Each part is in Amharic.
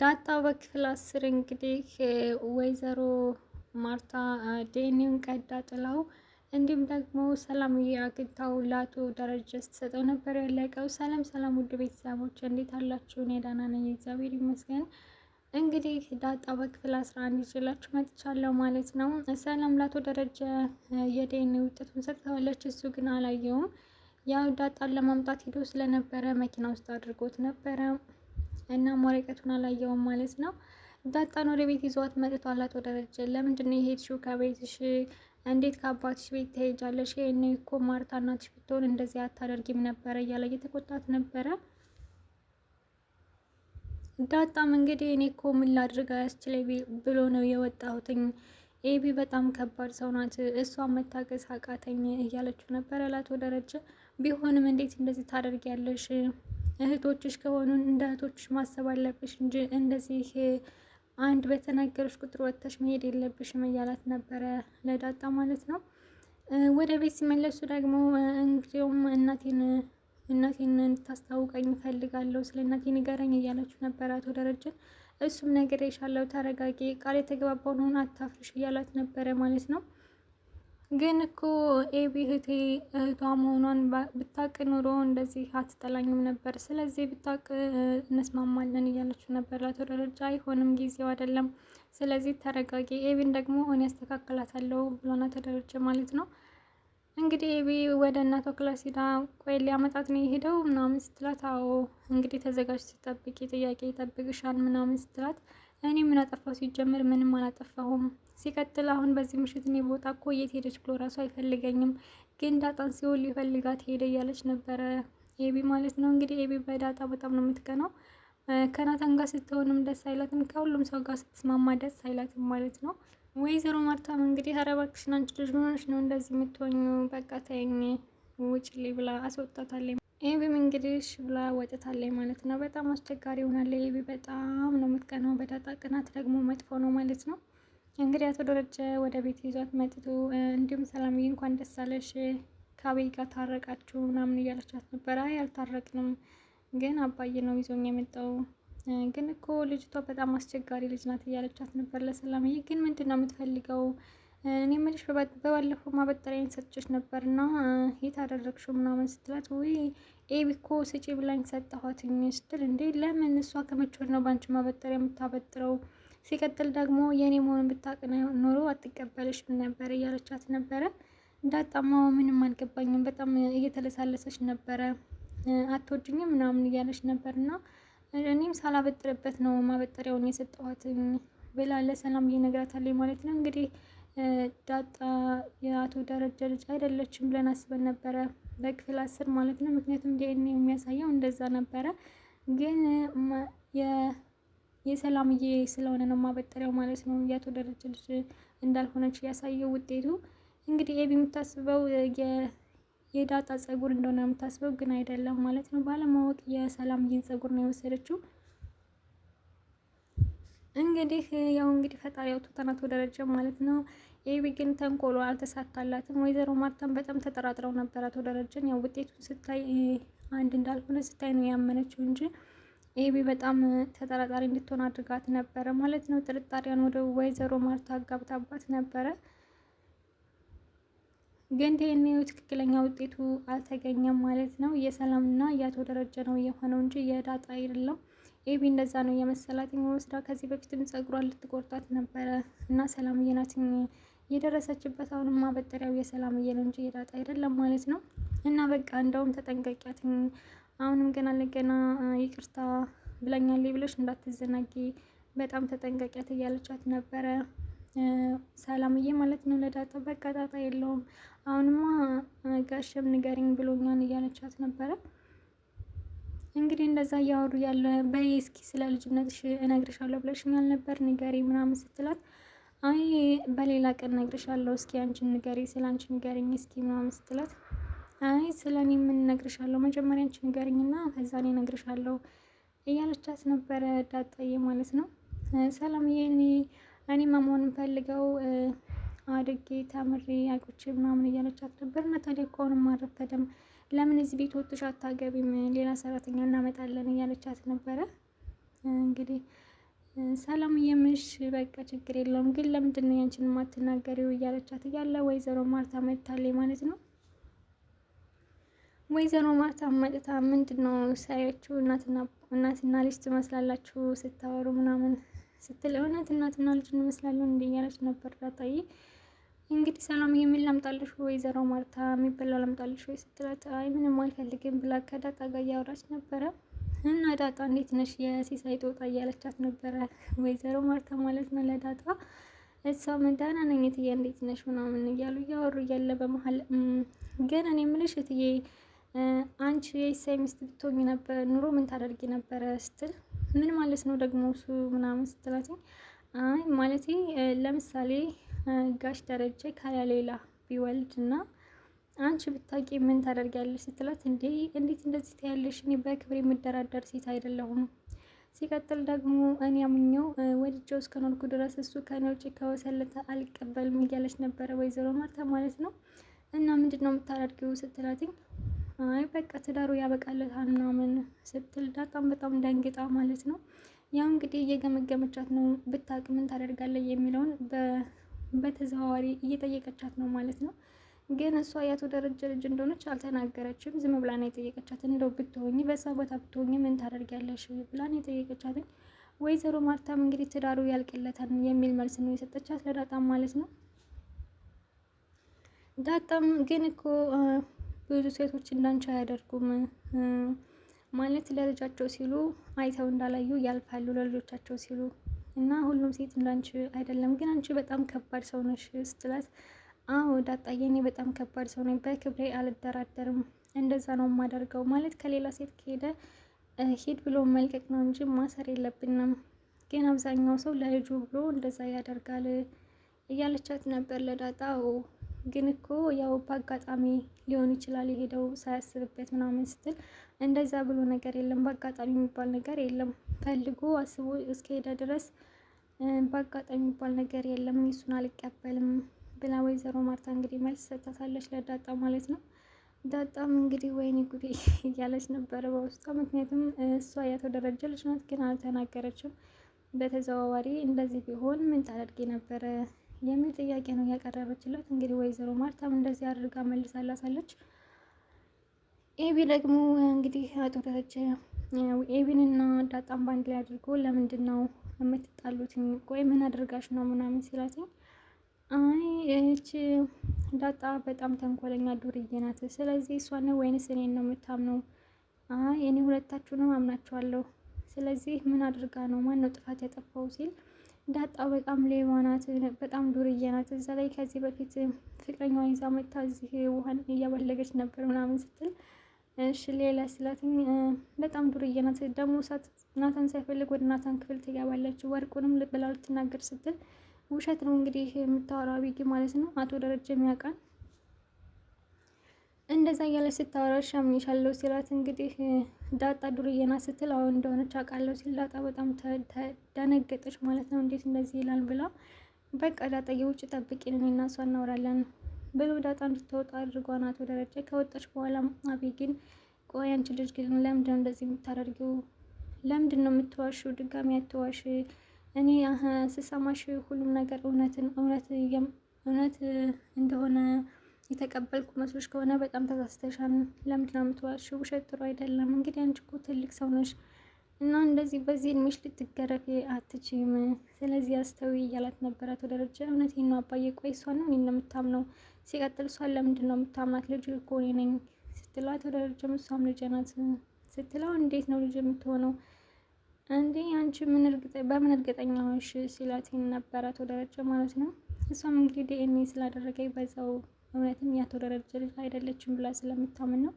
ዳጣ በክፍል አስር እንግዲህ ወይዘሮ ማርታ ዴኒውን ቀዳ ጥላው እንዲሁም ደግሞ ሰላም አግኝታው ለአቶ ደረጀ ስትሰጠው ነበር ያለቀው። ሰላም ሰላም፣ ውድ ቤተሰቦች እንዴት አላችሁ? እኔ ደህና ነኝ፣ እግዚአብሔር ይመስገን። እንግዲህ ዳጣ በክፍል አስራ አንድ ይዤላችሁ መጥቻለሁ ማለት ነው። ሰላም ለአቶ ደረጀ የዴኒ ውጤቱን ሰጥተዋለች፣ እሱ ግን አላየውም። ያው ዳጣን ለማምጣት ሂዶ ስለነበረ መኪና ውስጥ አድርጎት ነበረ እናም ወረቀቱን አላየውም ማለት ነው። ዳጣን ወደ ቤት ይዘዋት መጥቷል አቶ ደረጀ። ለምንድን ነው የሄድሽው ከቤትሽ? እንዴት ከአባትሽ ቤት ትሄጃለሽ? ይሄኔ እኮ ማርታ እናትሽ ብትሆን እንደዚህ አታደርጊም ነበረ እያለ እየተቆጣት ነበረ። ዳጣም እንግዲህ እኔ እኮ ምን ላድርግ አያስችለኝ ብሎ ነው የወጣሁትኝ። ኤቢ በጣም ከባድ ሰው ናት፣ እሷ መታገስ አቃተኝ እያለችው ነበረ ለአቶ ደረጀ ቢሆንም እንዴት እንደዚህ ታደርጊያለሽ? እህቶችሽ ከሆኑ እንደ እህቶችሽ ማሰብ አለብሽ እንጂ እንደዚህ አንድ በተናገረች ቁጥር ወጥተሽ መሄድ የለብሽም እያላት ነበረ ለዳጣ ማለት ነው። ወደ ቤት ሲመለሱ ደግሞ እንግዲውም እናቴን እናቴን እንድታስታውቀኝ እፈልጋለሁ ስለ እናቴ ንገረኝ እያለችው ነበረ አቶ ደረጀን። እሱም ነገር የሻለው ተረጋጊ፣ ቃል የተገባባውን አታፍርሽ እያላት ነበረ ማለት ነው። ግን እኮ ኤቢ እህቴ እህቷ መሆኗን ብታቅ ኑሮ እንደዚህ አትጠላኝም ነበር፣ ስለዚህ ብታቅ እንስማማለን እያለችው ነበር። ለአቶ አይሆንም፣ ጊዜው አይደለም፣ ስለዚህ ተረጋጊ፣ ኤቢን ደግሞ እኔ ያስተካከላታለሁ ብሎና ተደረጀ ማለት ነው። እንግዲህ ኤቢ ወደ እናቷ ክላስ ቆይ ሊያመጣት ነው የሄደው ምናምን ስትላት፣ አዎ እንግዲህ ተዘጋጅ፣ ስትጠብቂ ጥያቄ ይጠብቅሻል ምናምን ስትላት፣ እኔ ምን አጠፋው? ሲጀምር ምንም አላጠፋሁም ሲቀጥል አሁን በዚህ ምሽት እኔ ቦታ እኮ የት ሄደች ብሎ ራሱ አይፈልገኝም፣ ግን ዳጣን ሲሆን ሊፈልጋት ሄደ እያለች ነበረ ኤቢ ማለት ነው። እንግዲህ ኤቢ በዳጣ በጣም ነው የምትቀናው። ከናታን ጋር ስትሆንም ደስ አይላትም፣ ከሁሉም ሰው ጋር ስትስማማ ደስ አይላትም ማለት ነው። ወይዘሮ ማርታም እንግዲህ ኧረ እባክሽ አንቺ ልጅ ምን ሆነሽ ነው እንደዚህ የምትሆኙ? በቃ ተይኝ ውጭልኝ ብላ አስወጣታለች። ኤቢም እንግዲህ ብላ ወጥታለች ማለት ነው። በጣም አስቸጋሪ ሆናለች። ኤቢ በጣም ነው የምትቀናው በዳጣ። ቅናት ደግሞ መጥፎ ነው ማለት ነው። እንግዲህ አቶ ደረጀ ወደ ቤት ይዟት መጥቶ እንዲሁም ሰላምዬ እንኳን ደስ አለሽ ከአቤል ጋር ታረቃችሁ ምናምን እያለቻት ነበር። አይ አልታረቅንም፣ ግን አባዬ ነው ይዞኝ የመጣው። ግን እኮ ልጅቷ በጣም አስቸጋሪ ልጅ ናት እያለቻት ነበር ለሰላምዬ። ግን ምንድን ነው የምትፈልገው? እኔ የምልሽ በባለፈው ማበጠሪያን ሰጥቼሽ ነበር እና የት አደረግሽው ምናምን ስትላት፣ ወይ ኤቢ እኮ ስጪ ብላኝ ሰጠኋትኝ ስትል፣ እንዴ ለምን እሷ ከመቼ ነው በአንቺ ማበጠሪያ የምታበጥረው ሲቀጥል ደግሞ የኔ መሆኑን ብታውቅ ኖሮ አትቀበልሽም ነበር እያለቻት ነበረ። እንዳጣማው ምንም አልገባኝም፣ በጣም እየተለሳለሰች ነበረ፣ አትወድኝም ምናምን እያለች ነበር እና እኔም ሳላበጥርበት ነው ማበጠሪያውን የሰጠኋት ብላ ለሰላም እየነግራታለች ማለት ነው። እንግዲህ ዳጣ የአቶ ደረጀ ልጅ አይደለችም ብለን አስበን ነበረ በክፍል አስር ማለት ነው። ምክንያቱም ዲኤንኤ የሚያሳየው እንደዛ ነበረ ግን የሰላምዬ ስለሆነ ነው ማበጠሪያው ማለት ነው። የአቶ ደረጀ ልጅ እንዳልሆነች ያሳየው ውጤቱ እንግዲህ ኤቢ የምታስበው የዳጣ ጸጉር እንደሆነ የምታስበው ግን አይደለም ማለት ነው። ባለማወቅ የሰላምዬን ጸጉር ነው የወሰደችው። እንግዲህ ያው እንግዲህ ፈጣሪ አውጥቶታል አቶ ደረጀ ማለት ነው። ኤቢ ግን ተንኮሎ አልተሳካላትም። ወይዘሮ ማርታን በጣም ተጠራጥረው ነበር አቶ ደረጀን። ያው ውጤቱን ስታይ አንድ እንዳልሆነ ስታይ ነው ያመነችው እንጂ ኤቢ በጣም ተጠራጣሪ እንድትሆን አድርጋት ነበረ ማለት ነው። ጥርጣሬዋን ወደ ወይዘሮ ማርታ አጋብታባት ነበረ። ግን ዲኤንኤው ትክክለኛ ውጤቱ አልተገኘም ማለት ነው። የሰላምና የአቶ ደረጀ ነው የሆነው እንጂ የዳጣ አይደለም። ኤቢ እንደዛ ነው የመሰላት የሚወስዳ። ከዚህ በፊትም ጸጉሯን ልትቆርጣት ነበረ እና ሰላም ናት የደረሰችበት። አሁን ማበጠሪያው የሰላምዬ ነው እንጂ የዳጣ አይደለም ማለት ነው። እና በቃ እንደውም ተጠንቀቂያት አሁንም ገና ለገና ይቅርታ ብላኛለች ብለሽ እንዳትዘናጊ በጣም ተጠንቀቂያት እያለቻት ነበረ። ሰላምዬ ማለት ነው ለዳጣ በቃ ጣጣ የለውም አሁንማ ጋሸም ንገሪኝ ብሎኛን እያለቻት ነበረ። እንግዲህ እንደዛ እያወሩ ያለ በይ እስኪ ስለ ልጅነትሽ እነግርሻለሁ ብለሽኛል ነበር ንገሪ ምናምን ስትላት አይ በሌላ ቀን እነግርሻለሁ እስኪ አንቺን ንገሪ ስለ አንቺ ንገሪኝ እስኪ ምናምን ስትላት አይ ስለ እኔ ምን እነግርሻለሁ፣ መጀመሪያ አንቺ ንገሪኝና ከዛ እኔ እነግርሻለሁ እያለቻት ነበረ ዳጣዬ ማለት ነው። ሰላምዬ እኔ እኔማ መሆን ፈልገው አድጌ ተምሬ አቆቼ ምናምን እያለቻት ነበር። እና ታዲያ እኮ አረፈደም ለምን እዚህ ቤት ወጥሽ አታገቢም? ሌላ ሰራተኛ እናመጣለን እያለቻት ነበረ። እንግዲህ ሰላም የምሽ በቃ ችግር የለውም ግን ለምንድን ነው ያንቺን የማትናገሪው? እያለቻት እያለ ወይዘሮ ማርታ መታለች ማለት ነው። ወይዘሮ ማርታ መጥታ ምንድን ነው ሳያችሁ እናትና ልጅ ትመስላላችሁ ስታወሩ ምናምን ስትል እውነት እናትና ልጅ እንመስላለን እንደ እያለች ነበር። ዳጣዬ እንግዲህ ሰላም የሚል ላምጣልሽ ወይዘሮ ማርታ የሚበላ ላምጣልሽ ወይ ስትላት አይ ምንም አልፈልግም ብላ ከዳጣ ጋር እያወራች ነበረ። እና ዳጣ እንዴት ነሽ የሲሳይ ጦጣ እያለቻት ነበረ ወይዘሮ ማርታ ማለት ነው ለዳጣ እሷ መዳና ነኝ እትዬ እንዴት ነሽ ምናምን እያሉ እያወሩ እያለ በመሀል ግን እኔ የምልሽ እትዬ አንቺ የኢሳይ ሚስት ብትሆኝ ነበር ኑሮ ምን ታደርጊ ነበረ ስትል ምን ማለት ነው ደግሞ እሱ ምናምን ስትላት፣ አይ ማለት ለምሳሌ ጋሽ ደረጀ ሌላ ቢወልድ እና አንቺ ብታቂ ምን ታደርጊያለሽ ስትላት እንዴ እንዴት እንደዚህ ታያለሽ? እኔ በክብር የምደራደር ሴት አይደለሁም። ሲቀጥል ደግሞ እኔ አምኜው ወድጄው እስከኖርኩ ድረስ እሱ ከእኔ ውጭ ከወሰለተ አልቀበልም እያለች ነበረ ወይዘሮ ማርታ ማለት ነው። እና ምንድን ነው የምታደርጊው ስትላትኝ አይ በቃ ትዳሩ ያበቃለታል ምናምን ስትል ዳጣም በጣም ደንግጣ ማለት ነው። ያው እንግዲህ እየገመገመቻት ነው ብታውቅ ምን ታደርጋለህ የሚለውን በተዘዋዋሪ እየጠየቀቻት ነው ማለት ነው። ግን እሷ የአቶ ደረጀ ልጅ እንደሆነች አልተናገረችም። ዝም ብላ ነው የጠየቀቻት። እንደው ብትሆኝ በዛ ቦታ ብትሆኝ ምን ታደርጊያለሽ ብላ ነው የጠየቀቻትን። ወይዘሮ ማርታም እንግዲህ ትዳሩ ያልቅለታል የሚል መልስ ነው የሰጠቻት ለዳጣም ማለት ነው። ዳጣም ግን እኮ ብዙ ሴቶች እንዳንቺ አያደርጉም ማለት ለልጃቸው ሲሉ አይተው እንዳላዩ ያልፋሉ ለልጆቻቸው ሲሉ እና ሁሉም ሴት እንዳንቺ አይደለም፣ ግን አንቺ በጣም ከባድ ሰው ነሽ ስትላት፣ አዎ ዳጣዬ፣ እኔ በጣም ከባድ ሰው ነኝ፣ በክብሬ አልደራደርም፣ እንደዛ ነው የማደርገው። ማለት ከሌላ ሴት ከሄደ ሂድ ብሎ መልቀቅ ነው እንጂ ማሰር የለብንም። ግን አብዛኛው ሰው ለልጁ ብሎ እንደዛ ያደርጋል እያለቻት ነበር ለዳጣ። ግን እኮ ያው በአጋጣሚ ሊሆን ይችላል የሄደው ሳያስብበት ምናምን ስትል እንደዛ ብሎ ነገር የለም። በአጋጣሚ የሚባል ነገር የለም። ፈልጎ አስቦ እስከሄደ ድረስ በአጋጣሚ የሚባል ነገር የለም። እሱን አልቀበልም ብላ ወይዘሮ ማርታ እንግዲህ መልስ ሰጥታታለች ለዳጣ ማለት ነው። ዳጣም እንግዲህ ወይኔ ጉዴ እያለች ነበረ በውስጧ። ምክንያቱም እሷ የአቶ ደረጀ ልጅ ናት፣ ግን አልተናገረችም። በተዘዋዋሪ እንደዚህ ቢሆን ምን ታደርጌ ነበረ የሚል ጥያቄ ነው ያቀረበችለት። እንግዲህ ወይዘሮ ማርታም እንደዚህ አድርጋ መልሳላሳለች። ኤቢ ደግሞ እንግዲህ አቶ ደረጀ እና ዳጣም ባንድ ላይ አድርጎ ለምንድን ነው የምትጣሉት? ቆይ ምን አድርጋሽ ነው ምናምን ሲላትኝ አይ እች ዳጣ በጣም ተንኮለኛ ዱርዬ ናት። ስለዚህ እሷ ነው ወይንስ እኔን ነው የምታምነው? አይ እኔ ሁለታችሁንም አምናችኋለሁ። ስለዚህ ምን አድርጋ ነው ማን ነው ጥፋት ያጠፋው ሲል ዳጣ በጣም ሌባ ናት፣ በጣም ዱርዬ ናት። እዛ ላይ ከዚህ በፊት ፍቅረኛዋን ይዛ መታ እዚህ ውሃን እያበለገች ነበር ምናምን ስትል እሺ ሌላ ስላትኝ በጣም ዱርዬ ናት። ደግሞ ናታን ሳይፈልግ ወደ ናታን ክፍል ትገባለች። ወርቁንም ልብላ ልትናገር ስትል ውሸት ነው እንግዲህ የምታወራው ቢጊ ማለት ነው። አቶ ደረጀ የሚያውቃል እንደዛ እያለ ስታወራ አምንሻለሁ ሲላት እንግዲህ ዳጣ ዱርዬ ናት ስትል አሁን እንደሆነች አውቃለሁ ሲል ዳጣ በጣም ተደነገጠች ማለት ነው። እንዴት እንደዚህ ይላል ብላ በቃ ዳጣ የውጭ ጠብቂ እኔና እሷ እናወራለን ብሎ ዳጣ እንድትወጣ አድርጓን አቶ ደረጀ ከወጣች በኋላ አቤ ግን ቆይ አንቺ ልጅ ግን ለምንድን ነው እንደዚህ የምታደርጊው? ለምንድን ነው የምትዋሽው? ድጋሚ አትዋሽ። እኔ ስሰማሽ ሁሉም ነገር እውነትን እውነት እንደሆነ የተቀበልኩ መስሎች ከሆነ በጣም ተሳስተሻል። ነው የምትዋሽው? ውሸት ጥሩ አይደለም። እንግዲህ አንቺ እኮ ትልቅ ሰው ነሽ እና እንደዚህ በዚህ እድሜሽ ልትገረፊ አትችም። ስለዚህ አስተዊ እያላት ነበረ አቶ ደረጀ። እውነቴን ነው አባዬ። ቆይ እሷን እኔን ነው የምታምነው? ሲቀጥል እሷን ለምንድን ነው የምታምናት? ልጅ እኮ እኔ ነኝ ስትለው አቶ ደረጀም እሷም ልጅ ናት ስትለው እንዴት ነው ልጅ የምትሆነው እንዴ? አንቺ በምን እርግጠኛ ሆንሽ? ሲላት ነበረ አቶ ደረጀ ማለት ነው። እሷም እንግዲህ ዲኤንኤ ስላደረገኝ በዛው እውነትም ያተወደረጀ ልጅ አይደለችም ብላ ስለምታምን ነው።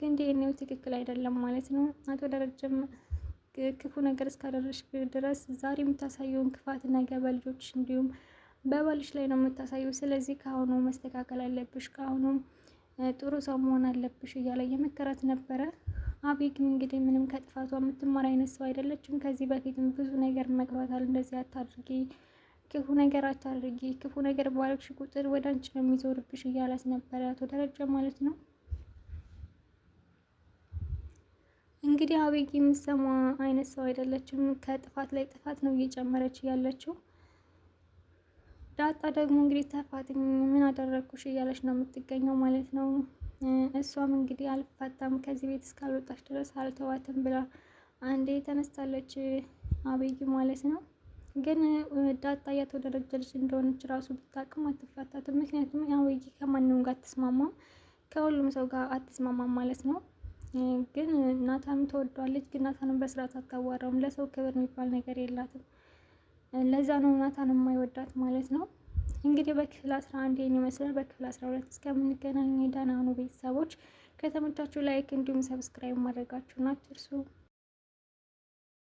ግን ዲኤንኤው ትክክል አይደለም ማለት ነው። አቶ ደረጀም ክፉ ነገር እስካደረሽ ድረስ ዛሬ የምታሳየውን ክፋት ነገ በልጆች እንዲሁም በባልሽ ላይ ነው የምታሳየው። ስለዚህ ከአሁኑ መስተካከል አለብሽ፣ ከአሁኑ ጥሩ ሰው መሆን አለብሽ እያለ የመከራት ነበረ። አቤ ግን እንግዲህ ምንም ከጥፋቷ የምትማር አይነት ሰው አይደለችም። ከዚህ በፊትም ብዙ ነገር መክሯታል። እንደዚህ አታድርጊ ክፉ ነገር አታድርጊ፣ ክፉ ነገር ባረግሽ ቁጥር ወደ አንቺ ነው የሚዞርብሽ እያላት ነበረ አቶ ደረጃ ማለት ነው። እንግዲህ አቤጊ የምሰማ አይነት ሰው አይደለችም። ከጥፋት ላይ ጥፋት ነው እየጨመረች ያለችው። ዳጣ ደግሞ እንግዲህ ተፋትኝ ምን አደረግኩሽ እያለች ነው የምትገኘው ማለት ነው። እሷም እንግዲህ አልፋታም ከዚህ ቤት እስካልወጣች ድረስ አልተዋትም ብላ አንዴ ተነስታለች አቤጌ ማለት ነው። ግን ዳጣ እያተወደረጀልች እንደሆነች ራሱ ብታቅም አትፋታትም። ምክንያቱም አወይ ከማንም ጋር አትስማማም፣ ከሁሉም ሰው ጋር አትስማማም ማለት ነው። ግን ናታን ተወዷለች፣ ግን ናታንን በስርዓት አታዋራውም። ለሰው ክብር የሚባል ነገር የላትም። ለዛ ነው ናታን የማይወዳት ማለት ነው። እንግዲህ በክፍል አንድ ይህን ይመስላል። በክፍል አስራ እስከምንገናኝ ደህና ሁኑ ቤተሰቦች። ከተመቻችሁ ላይክ እንዲሁም ሰብስክራይብ ማድረጋችሁን አትርሱ።